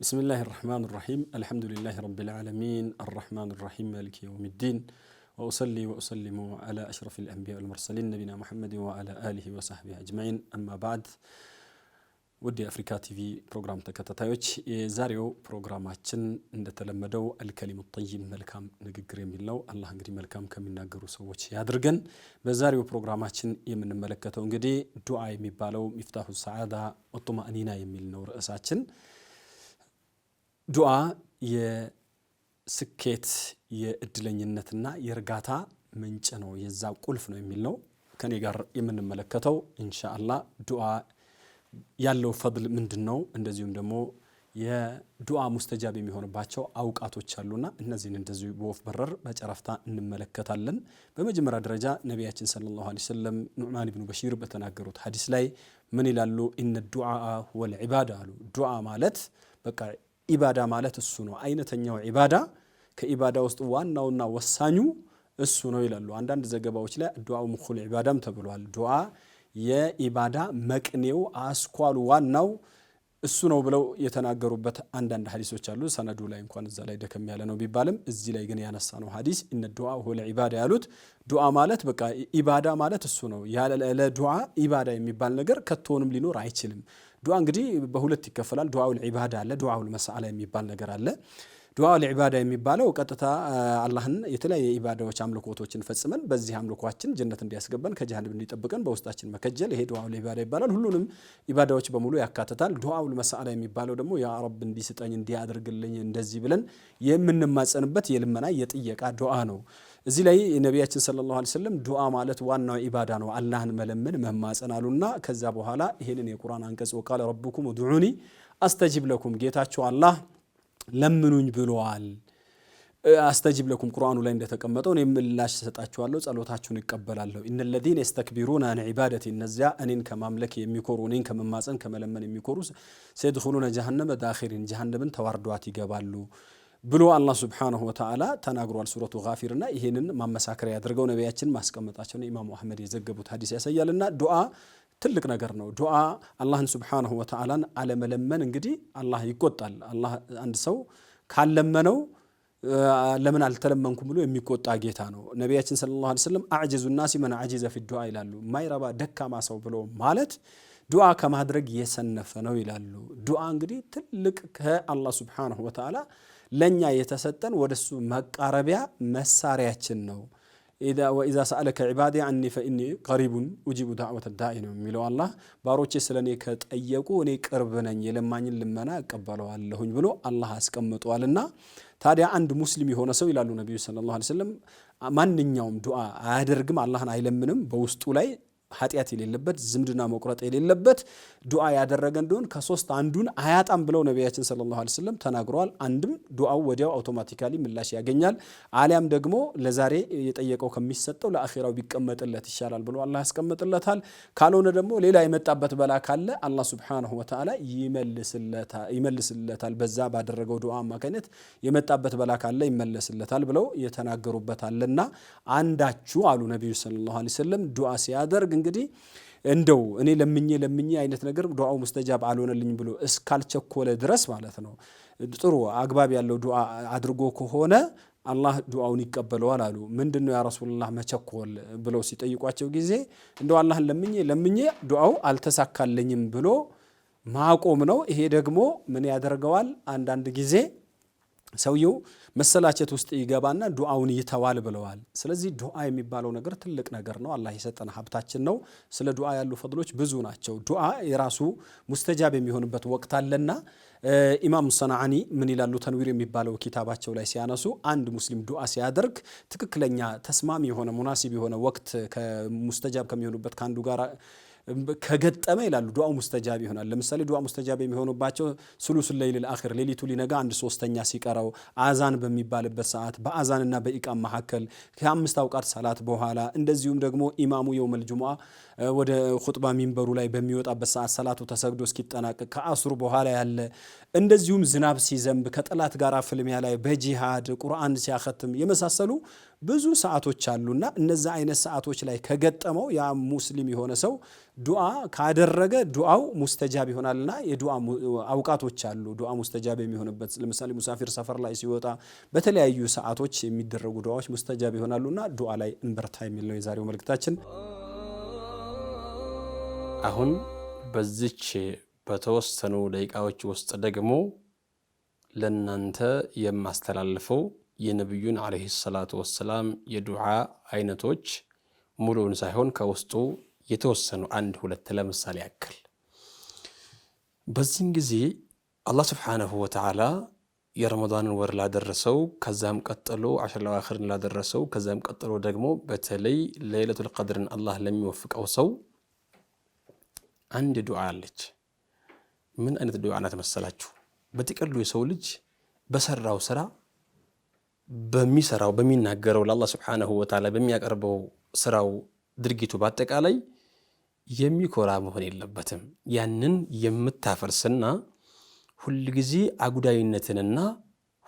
بسم الله الرحمن الرحيم الحمد لله رب العالمين الرحمن الرحيم مالك يوم الدين وأصلي وأسلم على أشرف الأنبياء والمرسلين نبينا محمد وعلى آله وصحبه أجمعين أما بعد ودي ውድ የአፍሪካ ቲቪ ፕሮግራም ተከታታዮች የዛሬው ፕሮግራማችን እንደተለመደው አልከሊሙ ጠይብ መልካም ንግግር የሚል ነው። አላህ እንግዲህ መልካም ከሚናገሩ ሰዎች ያድርገን። በዛሬው ፕሮግራማችን የምንመለከተው እንግዲህ ዱዓ የሚባለው ሚፍታሁ ሰዓዳ ወጡማእኒና የሚል ነው ርዕሳችን። ዱዓ የስኬት የእድለኝነትና የእርጋታ ምንጭ ነው፣ የዛ ቁልፍ ነው የሚል ነው ከኔ ጋር የምንመለከተው እንሻአላ ዱዓ ያለው ፈድል ምንድን ነው? እንደዚሁም ደግሞ የዱዓ ሙስተጃብ የሚሆንባቸው አውቃቶች አሉና እነዚህን እንደዚሁ በወፍ በረር በጨረፍታ እንመለከታለን። በመጀመሪያ ደረጃ ነቢያችን ሰለላሁ ዐለይሂ ወሰለም ኑዕማን ብኑ በሺር በተናገሩት ሀዲስ ላይ ምን ይላሉ? ኢነ ዱዓ ወል ዒባዳ አሉ። ዱዓ ማለት በቃ ኢባዳ ማለት እሱ ነው። አይነተኛው ኢባዳ ከኢባዳ ውስጥ ዋናውና ወሳኙ እሱ ነው ይላሉ። አንዳንድ ዘገባዎች ላይ ዱዓው ሙኩል ኢባዳም ተብሏል። ዱዓ የኢባዳ መቅኔው፣ አስኳሉ፣ ዋናው እሱ ነው ብለው የተናገሩበት አንዳንድ ሀዲሶች አሉ። ሰነዱ ላይ እንኳን እዛ ላይ ደከም ያለ ነው ቢባልም እዚህ ላይ ግን ያነሳ ነው ሀዲስ እነ ዱዓ ሁለ ኢባዳ ያሉት ዱዓ ማለት በቃ ኢባዳ ማለት እሱ ነው። ያለ ዱዓ ኢባዳ የሚባል ነገር ከቶንም ሊኖር አይችልም። ዱዓ እንግዲህ በሁለት ይከፈላል። ዱዓውል ዒባዳ አለ፣ ዱዓውል መሳአላ የሚባል ነገር አለ። ዱዓውል ዒባዳ የሚባለው ቀጥታ አላህን የተለያየ ኢባዳዎች አምልኮቶችን ፈጽመን በዚህ አምልኮችን ጀነት እንዲያስገባን ከጀሃንም እንዲጠብቀን በውስጣችን መከጀል፣ ይሄ ዱዓውል ዒባዳ ይባላል። ሁሉንም ኢባዳዎች በሙሉ ያካትታል። ዱዓውል መሳአላ የሚባለው ደግሞ ያ ረብ እንዲስጠኝ፣ እንዲያደርግልኝ፣ እንደዚህ ብለን የምንማጸንበት የልመና የጥየቃ ዱዓ ነው። እዚህ ላይ ነቢያችን ሰለላሁ ዐለይሂ ወሰለም ዱዓ ማለት ዋናው ኢባዳ ነው፣ አላህን መለመን መማፀን አሉና ከዛ በኋላ ይሄንን የቁርአን አንቀጽ ወቃለ ረቡኩም ኡድዑኒ አስተጂብ ለኩም ጌታችሁ አላህ ለምኑኝ ብለዋል። አስተጂብ ለኩም ቁርአኑ ላይ እንደተቀመጠው እኔ ምላሽ እሰጣችኋለሁ፣ ጸሎታችሁን እቀበላለሁ። ኢነ ለዚነ የስተክቢሩና አን ዒባደቲ እነዚያ እኔን ከማምለክ የሚኮሩ እኔን ከመማፀን ከመለመን የሚኮሩ ሰየድኹሉነ ጀሃነመ ዳኺሪን ጀሃነምን ተዋርዷት ይገባሉ። ብሎ አላህ ሱብሓነሁ ወተዓላ ተናግሯል። ሱረቱ ጋፊርና ይህንን ማመሳከሪያ ያደርገው ነቢያችን ማስቀመጣቸውን ኢማሙ አህመድ የዘገቡት ሀዲስ ያሳያልና ዱዓ ትልቅ ነገር ነው። ዱዓ አላህን ሱብሓነሁ ወተዓላን አለመለመን እንግዲህ አላህ ይቆጣል። አላህ አንድ ሰው ካለመነው ለምን አልተለመንኩም ብሎ የሚቆጣ ጌታ ነው። ነቢያችን ሰለላሁ ዐለይሂ ወሰለም አዕጅዙ ናሲ መን አዕጅዘ ፊ ዱዓ ይላሉ። ማይረባ ደካማ ሰው ብሎ ማለት ዱዓ ከማድረግ የሰነፈ ነው ይላሉ። ዱዓ እንግዲህ ትልቅ ከአላህ ሱብሓነሁ ወተዓላ ለእኛ የተሰጠን ወደሱ መቃረቢያ መሳሪያችን ነው። ወኢዛ ሰአለከ ዒባዲ አኒ ፈኢኒ ቀሪቡን ኡጂቡ ዳዕወተ ዳኢ ነው የሚለው አላህ ባሮቼ ስለ እኔ ከጠየቁ እኔ ቅርብ ነኝ፣ የለማኝን ልመና እቀበለዋለሁኝ ብሎ አላህ አስቀምጧልና። ታዲያ አንድ ሙስሊም የሆነ ሰው ይላሉ ነቢዩ ሰለላሁ ዐለይሂ ወሰለም ማንኛውም ዱዓ አያደርግም፣ አላህን አይለምንም በውስጡ ላይ ኃጢአት የሌለበት ዝምድና መቁረጥ የሌለበት ዱዓ ያደረገ እንደሆን ከሶስት አንዱን አያጣም ብለው ነቢያችን ሰለላሁ ዐለይሂ ወሰለም ተናግረዋል። አንድም ዱዓው ወዲያው አውቶማቲካሊ ምላሽ ያገኛል፣ አሊያም ደግሞ ለዛሬ የጠየቀው ከሚሰጠው ለአኼራው ቢቀመጥለት ይሻላል ብሎ አላህ ያስቀምጥለታል። ካልሆነ ደግሞ ሌላ የመጣበት በላ ካለ አላህ ሱብሓነሁ ወተዓላ ይመልስለታል። በዛ ባደረገው ዱዓ አማካኝነት የመጣበት በላ ካለ ይመለስለታል ብለው የተናገሩበት አለና አንዳችሁ አሉ ነቢዩ ሰለላሁ ዐለይሂ ወሰለም ዱዓ ሲያደርግ እንግዲህ እንደው እኔ ለምኜ ለምኜ አይነት ነገር ዱዓው ሙስተጃብ አልሆነልኝ ብሎ እስካልቸኮለ ድረስ ማለት ነው። ጥሩ አግባብ ያለው ዱዓ አድርጎ ከሆነ አላህ ዱዓውን ይቀበለዋል አሉ። ምንድን ነው ያ ረሱሉላህ መቸኮል ብለው ሲጠይቋቸው ጊዜ እንደው አላህን ለምኜ ለምኜ ዱዓው አልተሳካለኝም ብሎ ማቆም ነው። ይሄ ደግሞ ምን ያደርገዋል አንዳንድ ጊዜ ሰውየው መሰላቸት ውስጥ ይገባና ዱዓውን ይተዋል ብለዋል። ስለዚህ ዱዓ የሚባለው ነገር ትልቅ ነገር ነው። አላህ የሰጠን ሀብታችን ነው። ስለ ዱዓ ያሉ ፈድሎች ብዙ ናቸው። ዱዓ የራሱ ሙስተጃብ የሚሆንበት ወቅት አለና ኢማም ሰናዓኒ ምን ይላሉ? ተንዊር የሚባለው ኪታባቸው ላይ ሲያነሱ አንድ ሙስሊም ዱዓ ሲያደርግ ትክክለኛ ተስማሚ የሆነ ሙናሲብ የሆነ ወቅት ከሙስተጃብ ከሚሆኑበት ከአንዱ ጋር ከገጠመ ይላሉ ዱዓ ሙስተጃብ ይሆናል። ለምሳሌ ዱዓ ሙስተጃብ የሚሆኑባቸው ሱሉስ ለይል አኺር ሌሊቱ ሊነጋ አንድ ሶስተኛ ሲቀረው አዛን በሚባልበት ሰዓት በአዛንና በኢቃም መካከል ከአምስት አውቃት ሰላት በኋላ እንደዚሁም ደግሞ ኢማሙ የውመል ጁሙዓ ወደ ኹጥባ ሚንበሩ ላይ በሚወጣበት ሰዓት ሰላቱ ተሰግዶ እስኪጠናቀቅ ከአሱር በኋላ ያለ እንደዚሁም ዝናብ ሲዘንብ ከጠላት ጋር ፍልሚያ ላይ በጂሃድ ቁርአን ሲያኸትም የመሳሰሉ ብዙ ሰዓቶች አሉና እነዛ አይነት ሰዓቶች ላይ ከገጠመው ያ ሙስሊም የሆነ ሰው ዱዓ ካደረገ ዱዓው ሙስተጃብ ይሆናልና የዱዓ አውቃቶች አሉ። ዱዓ ሙስተጃብ የሚሆንበት ለምሳሌ ሙሳፊር ሰፈር ላይ ሲወጣ በተለያዩ ሰዓቶች የሚደረጉ ዱዓዎች ሙስተጃብ ይሆናሉና ዱዓ ላይ እንበርታ የሚል ነው የዛሬው መልእክታችን። አሁን በዚች በተወሰኑ ደቂቃዎች ውስጥ ደግሞ ለእናንተ የማስተላልፈው የነቢዩን ዓለይሂ ሰላቱ ወሰላም የዱዓ አይነቶች ሙሉውን ሳይሆን ከውስጡ የተወሰኑ አንድ ሁለት ለምሳሌ ያክል በዚህም ጊዜ አላህ ስብሓነሁ ወተዓላ የረመዳንን ወር ላደረሰው ከዛም ቀጥሎ አሸር ለዋክርን ላደረሰው ከዛም ቀጥሎ ደግሞ በተለይ ለይለቱል ቀድርን አላህ ለሚወፍቀው ሰው አንድ ዱዓ አለች። ምን አይነት ዱዓ ናት መሰላችሁ? በጥቅሉ የሰው ልጅ በሰራው ስራ በሚሰራው በሚናገረው ለአላህ ስብሓነሁ ወተዓላ በሚያቀርበው ስራው ድርጊቱ በአጠቃላይ የሚኮራ መሆን የለበትም። ያንን የምታፈርስና ሁልጊዜ አጉዳይነትንና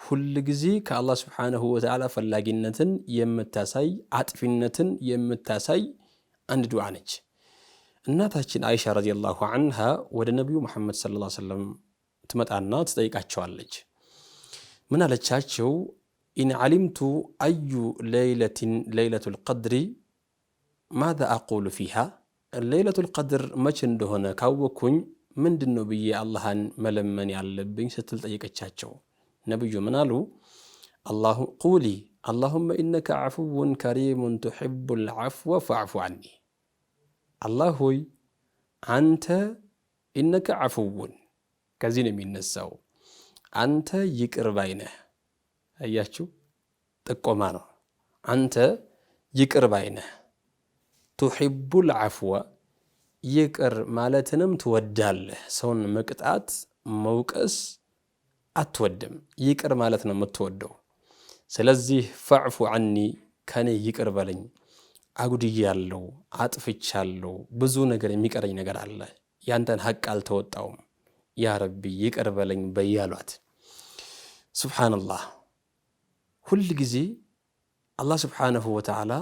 ሁልጊዜ ከአላህ ስብሓነሁ ወተዓላ ፈላጊነትን የምታሳይ አጥፊነትን የምታሳይ አንድ ዱዓ ነች። እናታችን አይሻ ረዲየላሁ አንሃ ወደ ነቢዩ መሐመድ ሰለላሁ ዐለይሂ ወሰለም ትመጣና ትጠይቃቸዋለች። ምን አለቻቸው? ኢን ዓሊምቱ አዩ ሌይለትን ሌይለቱል ቀድሪ ማዛ አቁሉ ፊሃ ሌይለቱል ቀድር መቼ እንደሆነ ካወኩኝ ምንድን ነው ብዬ አላህን መለመን ያለብኝ ስትል ጠየቀቻቸው። ነቢዩ ምን አሉ? ቁሊ አላሁመ ኢነከ ዓፉውን ከሪሙን ቱሒቡል ዓፍወ ፈዕፉ ዓኒ። አላህ ሆይ አንተ ኢነከ ዓፉውን ከዚህ ነው የሚነሳው አንተ ይቅር ባይ አያችሁ፣ ጥቆማ ነው። አንተ ይቅር ባይነህ ቱሒቡል ዓፍወ ይቅር ማለትንም ትወዳለህ። ሰውን መቅጣት መውቀስ አትወድም፣ ይቅር ማለት ነው የምትወደው። ስለዚህ ፈዕፉ ዐኒ ከኔ ይቅር በለኝ፣ አጉድያለሁ፣ አጥፍቻለሁ፣ ብዙ ነገር የሚቀረኝ ነገር አለ፣ ያንተን ሐቅ አልተወጣውም፣ ያ ረቢ ይቅር በለኝ በያሏት። ሱብሓነላህ ሁል ጊዜ አላህ ስብሓነሁ ወተዓላ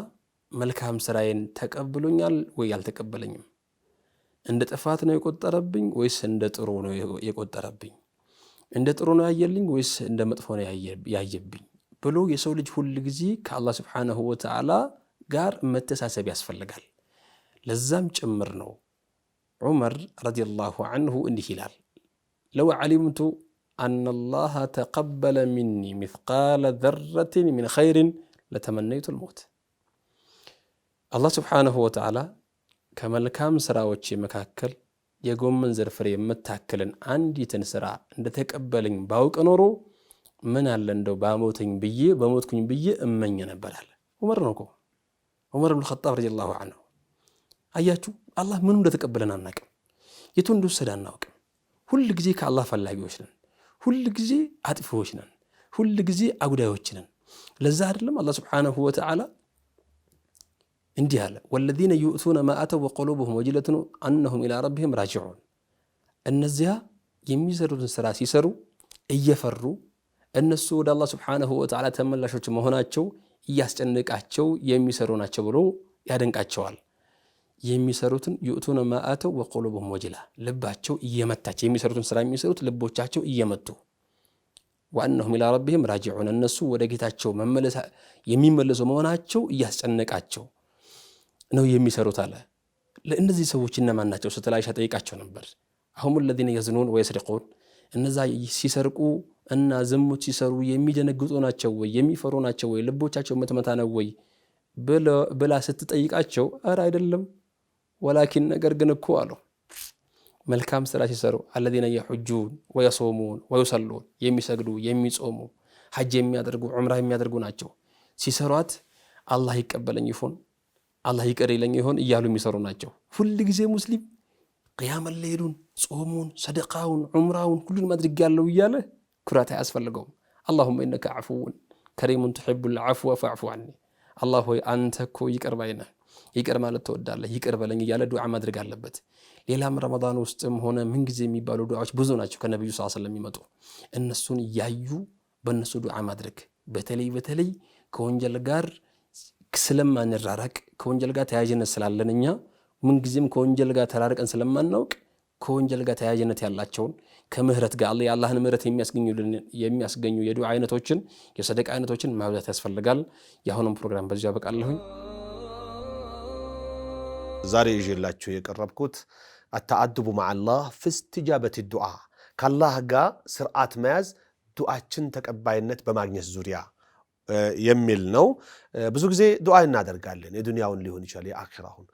መልካም ስራዬን ተቀብሎኛል ወይ አልተቀበለኝም፣ እንደ ጥፋት ነው የቆጠረብኝ ወይስ እንደ ጥሩ ነው የቆጠረብኝ፣ እንደ ጥሩ ነው ያየልኝ ወይስ እንደ መጥፎ ነው ያየብኝ ብሎ የሰው ልጅ ሁል ጊዜ ከአላህ ስብሓነሁ ወተዓላ ጋር መተሳሰብ ያስፈልጋል። ለዛም ጭምር ነው ዑመር ረዲየላሁ አንሁ እንዲህ ይላል ለው ዓሊምቱ አነላሃ ተቀበለ ሚኒ ሚስቃለ ዘረትን ሚን ኸይርን ለተመነይቱል ሞት። አላህ ስብሓነሁ ወተዓላ ከመልካም ስራዎች መካከል የጎመን ዘር ፍሬ የምታክልን አንዲትን ስራ እንደተቀበለኝ ባውቅ ኖሮ ምን አለ እንደው ባሞተኝ ብዬ በሞትኩኝ ብዬ እመኝ ነበራል። ዑመር ነው እኮ ዑመር ብን ኸጣብ ረዲየላሁ አንሁ። አያችሁ አላህ ምኑ እንደተቀበለን አናቅም፣ የቱ እንደወሰደ አናውቅም። ሁል ጊዜ ከአላህ ፈላጊዎች ነን። ሁል ጊዜ አጥፊዎች ነን፣ ሁል ጊዜ አጉዳዮች ነን። ለዛ አይደለም አላህ ስብሓነሁ ወተዓላ እንዲህ አለ፣ ወለዚነ ዩእቱነ ማ አተው ወቀሉብሁም ወጅለቱን አነሁም ኢላ ረቢሂም ራጅዑን። እነዚያ የሚሰሩትን ስራ ሲሰሩ እየፈሩ እነሱ ወደ አላህ ስብሓነሁ ወተዓላ ተመላሾች መሆናቸው እያስጨነቃቸው የሚሰሩ ናቸው ብሎ ያደንቃቸዋል። የሚሰሩትን ዩእቱነ ማአተው ወቆሎብም ወጅላ ልባቸው እየመታች የሚሰሩትን ስራ የሚሰሩት ልቦቻቸው እየመቱ ዋነሁም ኢላ ረቢህም ራጅዑን እነሱ ወደ ጌታቸው የሚመለሱ መሆናቸው እያስጨነቃቸው ነው የሚሰሩት አለ። ለእነዚህ ሰዎች እነማን ናቸው ስትል አይሻ ጠይቃቸው ነበር። አሁም ለዚነ የዝኑን ወየስሪቁን እነዛ ሲሰርቁ እና ዝሙት ሲሰሩ የሚደነግጡ ናቸው ወይ የሚፈሩ ናቸው ወይ ልቦቻቸው መትመታ ነው ወይ ብላ ስትጠይቃቸው ኧረ አይደለም ወላኪን ነገር ግን እኮ አለው መልካም ስራ ሲሰሩ አለዚነ የሑጁን ወየሶሙን ወዩሰሉን የሚሰግዱ የሚጾሙ ሐጅ የሚያደርጉ ዑምራ የሚያደርጉ ናቸው። ሲሰሯት አላህ ይቀበለኝ ይሆን አላህ ይቅር ይለኝ ይሆን እያሉ የሚሰሩ ናቸው። ሁል ጊዜ ሙስሊም ቅያመ ሌሉን፣ ጾሙን፣ ሰደቃውን፣ ዑምራውን ሁሉን ማድረግ ያለው እያለ ኩራት አያስፈልገውም። አላሁመ ኢነከ ዓፉውን ከሪሙን ትሕቡ ልዓፍወ ፈዕፉ አኒ አላህ ሆይ አንተ እኮ ይቅር ባይ ነህ ይቅር ማለት ትወዳለህ፣ ይቅር በለኝ እያለ ዱዓ ማድረግ አለበት። ሌላም ረመዳን ውስጥም ሆነ ምንጊዜ የሚባሉ ዱዓዎች ብዙ ናቸው ከነቢዩ ስ ስለሚመጡ እነሱን እያዩ በእነሱ ዱዓ ማድረግ በተለይ በተለይ ከወንጀል ጋር ስለማንራራቅ ከወንጀል ጋር ተያያዥነት ስላለን እኛ ምንጊዜም ከወንጀል ጋር ተራርቀን ስለማናውቅ ከወንጀል ጋር ተያያዥነት ያላቸውን ከምህረት ጋር የአላህን ምህረት የሚያስገኙ የዱዓ አይነቶችን የሰደቃ አይነቶችን ማብዛት ያስፈልጋል። የአሁኑም ፕሮግራም በዚሁ ያበቃለሁኝ። ዛሬ ይዤላችሁ የቀረብኩት አተአድቡ ማዓላህ ፍስትጃበት ዱዓ ከአላህ ጋር ስርዓት መያዝ ዱዓችን ተቀባይነት በማግኘት ዙሪያ የሚል ነው። ብዙ ጊዜ ዱዓ እናደርጋለን። የዱንያውን ሊሆን ይችላል የአኪራሁን።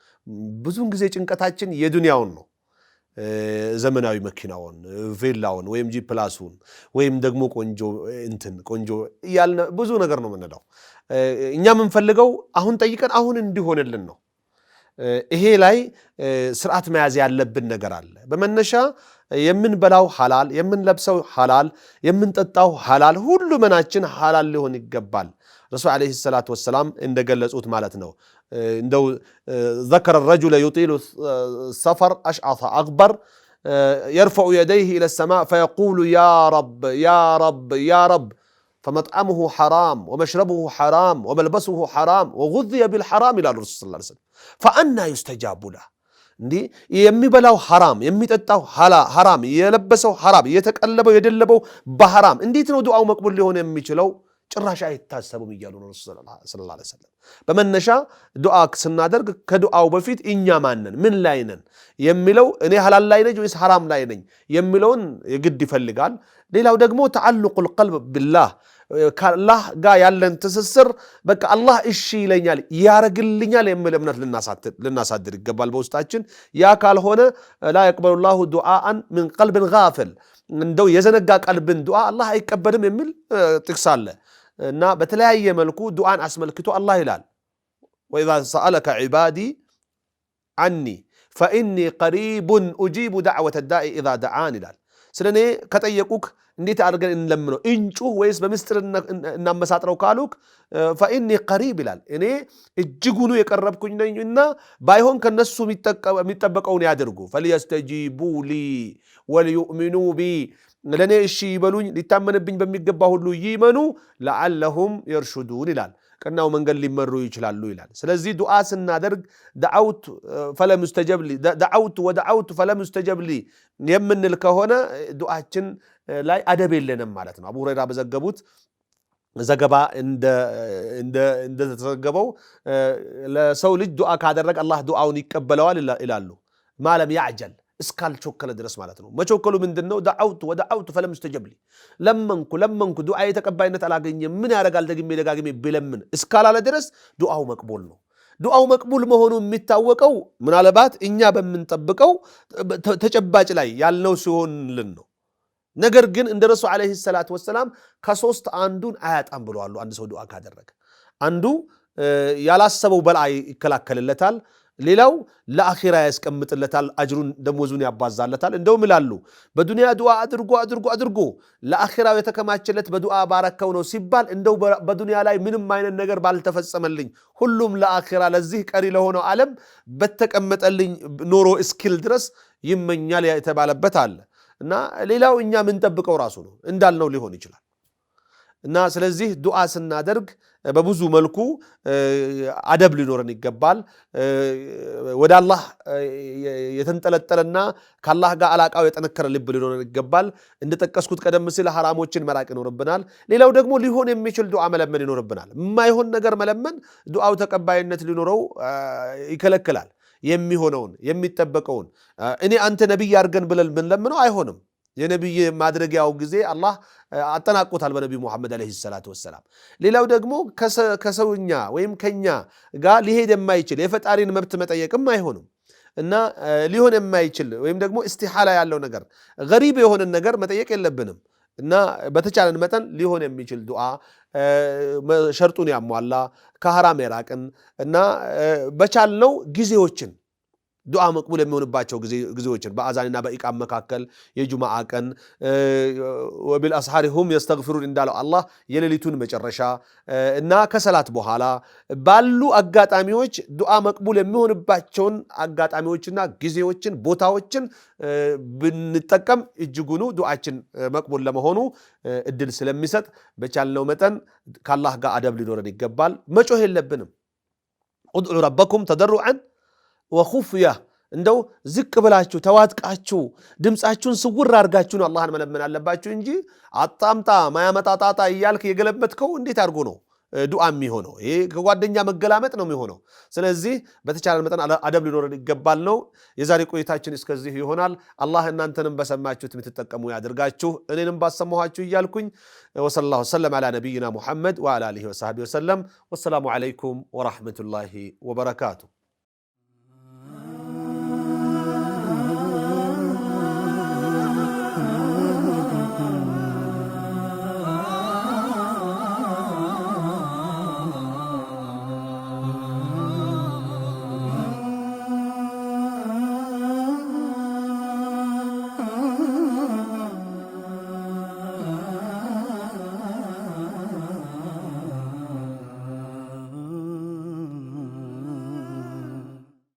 ብዙን ጊዜ ጭንቀታችን የዱንያውን ነው። ዘመናዊ መኪናውን፣ ቬላውን ወይም ጂ ፕላሱን ወይም ደግሞ ቆንጆ እንትን ቆንጆ እያልን ብዙ ነገር ነው የምንለው። እኛ የምንፈልገው አሁን ጠይቀን አሁን እንዲሆንልን ነው። ይሄ ላይ ስርዓት መያዝ ያለብን ነገር አለ። በመነሻ የምንበላው ሐላል፣ የምንለብሰው ሐላል፣ የምንጠጣው ሐላል፣ ሁሉ መናችን ሐላል ሊሆን ይገባል። ረሱል ዓለይሂ ሰላት ወሰላም እንደገለጹት ማለት ነው። እንደው ዘከረ ረጁለ ዩጢሉ ሰፈር አሽዓሰ አግበር የርፈዑ የደይህ ኢለ ሰማ ፈየቁሉ ያ ረብ ያ ረብ ያ ረብ ፈመጥዓሙሁ ሐራም ወመሽረቡሁ ሐራም ወመልበሱሁ ሐራም ወጉዝየ ቢልሐራም ይላሉ ረሱል ስ ፈአና ዩስተጃቡላ እንዲህ የሚበላው ሐራም፣ የሚጠጣው ሐራም፣ የለበሰው ሐራም፣ የተቀለበው የደለበው በሐራም እንዴት ነው ዱዓው መቅቡል ሊሆን የሚችለው? ጭራሽ አይታሰቡም እያሉ ነው ረሱል ሰለላሁ ዐለይሂ ወሰለም። በመነሻ ዱዓ ስናደርግ ከዱዓው በፊት እኛ ማንን ምን ላይ ነን የሚለው እኔ ሐላል ላይ ነኝ ወይስ ሐራም ላይ ነኝ የሚለውን የግድ ይፈልጋል። ሌላው ደግሞ ተዓልቁል ቀልብ ቢላህ ከአላህ ጋር ያለን ትስስር በቃ አላህ እሺ ይለኛል ያረግልኛል የሚል እምነት ልናሳድር ይገባል በውስጣችን። ያ ካልሆነ ላ የቅበሉ ላሁ ዱዓአን ምን ቀልብን ጋፍል፣ እንደው የዘነጋ ቀልብን ዱዓ አላህ አይቀበልም የሚል ጥቅስ አለ እና በተለያየ መልኩ ዱዓን አስመልክቶ አላህ ይላል ወኢዛ ሰአለከ ዒባዲ ዐኒ ፈኢኒ ቀሪቡን ኡጂቡ ዳዕወተ ዳኢ ኢዛ ደዓን ይላል ስለ እኔ ከጠየቁክ እንዴት አድርገን እንለምነው? እንጩህ ወይስ በምስጢር እናመሳጥረው ካሉክ ፈኢኒ ቀሪብ ይላል። እኔ እጅጉኑ የቀረብኩኝ ነኝና ባይሆን ከነሱ የሚጠበቀውን ያድርጉ። ፈልየስተጂቡ ሊ ወልዩእሚኑ ቢ ለእኔ እሺ ይበሉኝ፣ ሊታመንብኝ በሚገባ ሁሉ ይመኑ፣ ለዓለሁም የርሹዱን ይላል። ቀናው መንገድ ሊመሩ ይችላሉ ይላል። ስለዚህ ዱዓ ስናደርግ ደዓውት ወደዓውት ፈለም ዩስተጀብሊ የምንል ከሆነ ዱዓችን ላይ አደብ የለንም ማለት ነው። አቡ ሁረይራ በዘገቡት ዘገባ እንደተዘገበው ለሰው ልጅ ዱዓ ካደረግ አላህ ዱዓውን ይቀበለዋል ይላሉ። ማለም ያዕጀል እስካልቾከለ ድረስ ማለት ነው። መቾከሉ ምንድን ነው? ደዓውቱ ወደዓውቱ ፈለም ለመንኩ ለመንኩ ዱዓዬ ተቀባይነት አላገኘም። ምን ያደርጋል? ደግሜ ደጋግሜ ብለምን እስካላለ ድረስ ዱዓው መቅቡል ነው። ዱዓው መቅቡል መሆኑ የሚታወቀው ምናልባት እኛ በምንጠብቀው ተጨባጭ ላይ ያልነው ሲሆንልን ነው። ነገር ግን እንደ ረሱ ዓለይሂ ሰላት ወሰላም ከሶስት አንዱን አያጣም ብለዋሉ። አንድ ሰው ዱዓ ካደረገ አንዱ ያላሰበው በላ ይከላከልለታል። ሌላው ለአኼራ ያስቀምጥለታል፣ አጅሩን ደሞዙን ያባዛለታል። እንደውም ይላሉ በዱንያ ዱዓ አድርጎ አድርጎ አድርጎ ለአኼራው የተከማችለት በዱዓ ባረከው ነው ሲባል እንደው በዱንያ ላይ ምንም አይነት ነገር ባልተፈጸመልኝ ሁሉም ለአኼራ ለዚህ ቀሪ ለሆነው ዓለም በተቀመጠልኝ ኖሮ እስኪል ድረስ ይመኛል የተባለበት አለ እና ሌላው እኛ ምንጠብቀው ራሱ ነው እንዳልነው ሊሆን ይችላል። እና ስለዚህ ዱዓ ስናደርግ በብዙ መልኩ አደብ ሊኖረን ይገባል። ወደ አላህ የተንጠለጠለና ከአላህ ጋር አላቃው የጠነከረ ልብ ሊኖረን ይገባል። እንደጠቀስኩት ቀደም ሲል ሐራሞችን መራቅ ይኖርብናል። ሌላው ደግሞ ሊሆን የሚችል ዱዓ መለመን ይኖርብናል። የማይሆን ነገር መለመን ዱዓው ተቀባይነት ሊኖረው ይከለክላል። የሚሆነውን የሚጠበቀውን እኔ አንተ ነቢይ አድርገን ብለን ብንለምነው አይሆንም። የነቢይ ማድረጊያው ጊዜ አላህ አጠናቆታል በነቢዩ ሙሐመድ ዓለይሂ ሰላቱ ወሰላም። ሌላው ደግሞ ከሰውኛ ወይም ከኛ ጋር ሊሄድ የማይችል የፈጣሪን መብት መጠየቅም አይሆንም እና ሊሆን የማይችል ወይም ደግሞ እስቲሓላ ያለው ነገር ገሪብ የሆነን ነገር መጠየቅ የለብንም እና በተቻለን መጠን ሊሆን የሚችል ዱዓ ሸርጡን ያሟላ ከሐራም የራቅን እና በቻልነው ጊዜዎችን ዱዓ መቅቡል የሚሆንባቸው ጊዜዎችን በአዛንና በኢቃም መካከል የጁማዓ ቀን ወቢልአስሐሪ ሁም የስተግፊሩን እንዳለው አላህ የሌሊቱን መጨረሻ እና ከሰላት በኋላ ባሉ አጋጣሚዎች ዱዓ መቅቡል የሚሆንባቸውን አጋጣሚዎችና ጊዜዎችን፣ ቦታዎችን ብንጠቀም እጅጉኑ ዱዓችን መቅቡል ለመሆኑ እድል ስለሚሰጥ በቻልነው መጠን ከአላህ ጋር አደብ ሊኖረን ይገባል። መጮህ የለብንም። ኡድዑ ረበኩም ተደሩዐን ወኹፍያ እንደው ዝቅ ብላችሁ ተዋጥቃችሁ ድምፃችሁን ስውር አድርጋችሁ ነው አላህን መለመን አለባችሁ እንጂ አጣምጣ ማያመጣጣጣ ጣጣ እያልክ የገለበትከው እንዴት አድርጎ ነው ዱዓ የሚሆነው? ይሄ ከጓደኛ መገላመጥ ነው የሚሆነው። ስለዚህ በተቻለ መጠን አደብ ሊኖረን ይገባል ነው። የዛሬ ቆይታችን እስከዚህ ይሆናል። አላህ እናንተንም በሰማችሁት የምትጠቀሙ ያድርጋችሁ፣ እኔንም ባሰማኋችሁ እያልኩኝ ወሰለላሁ ወሰለም አላ ነቢይና ሙሐመድ ወአላ አሊሂ ወሰሐቢ ወሰለም። ወሰላሙ ዓለይኩም ወራህመቱላሂ ወበረካቱ።